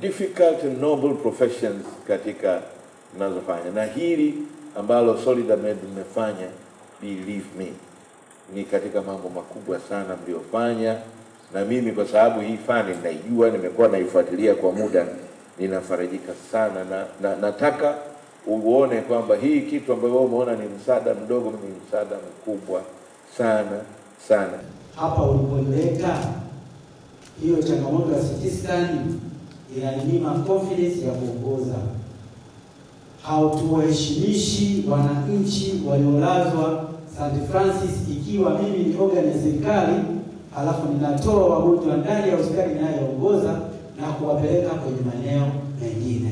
difficult noble professions katika nazofanya na hili ambalo SolidAmed mmefanya, believe me, ni katika mambo makubwa sana mliofanya, na mimi kwa sababu hii fani naijua, nimekuwa naifuatilia kwa muda, ninafarijika sana na, na nataka uone kwamba hii kitu ambayo umeona ni msaada mdogo, ni msaada mkubwa sana sana. Hapa ulipoleta hiyo changamoto ya CT inanyima confidence ya kuongoza. Hautuwaheshimishi wananchi waliolazwa St. Francis. Ikiwa mimi ni organ ya serikali alafu ninatoa wagonjwa ndani ya hospitali inayoongoza na kuwapeleka kwenye maeneo mengine.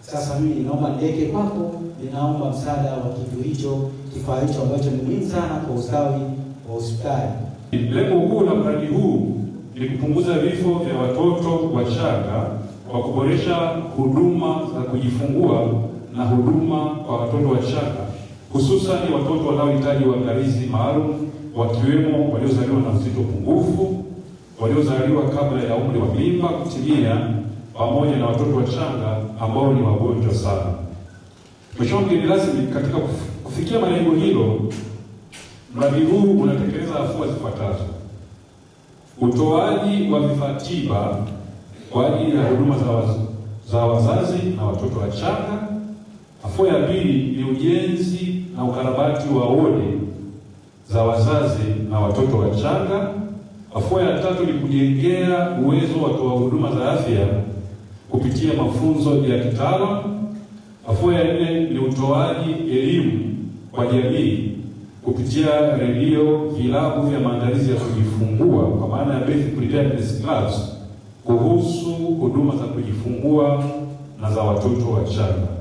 Sasa mimi ninaomba ndeke kwako, ninaomba msaada wa kitu hicho, kifaa hicho ambacho ni muhimu sana kwa ustawi wa hospitali. Lengo kuu la mradi huu ni kupunguza vifo vya watoto wachanga kwa kuboresha huduma za kujifungua na huduma kwa watoto wachanga, hususani watoto wanaohitaji uangalizi maalum, wakiwemo waliozaliwa na uzito pungufu, waliozaliwa kabla ya umri wa mimba kutimia, pamoja na watoto wachanga ambao ni wagonjwa sana. Mheshimiwa mgeni rasmi, katika kufikia malengo hilo, mradi huu unatekeleza afua zifuatazo: utoaji wa vifaa tiba kwa ajili ya huduma za, waz za wazazi na watoto wachanga. Afua ya pili ni ujenzi na ukarabati wa wodi za wazazi na watoto wachanga. Afua ya tatu ni kujengea uwezo wa watoa huduma za afya kupitia mafunzo ya kitaalamu. Afua ya nne ni utoaji elimu kwa jamii kupitia redio, vilabu vya maandalizi ya kujifungua kwa maana ya basic preparedness clubs kuhusu huduma za kujifungua na za watoto wachanga.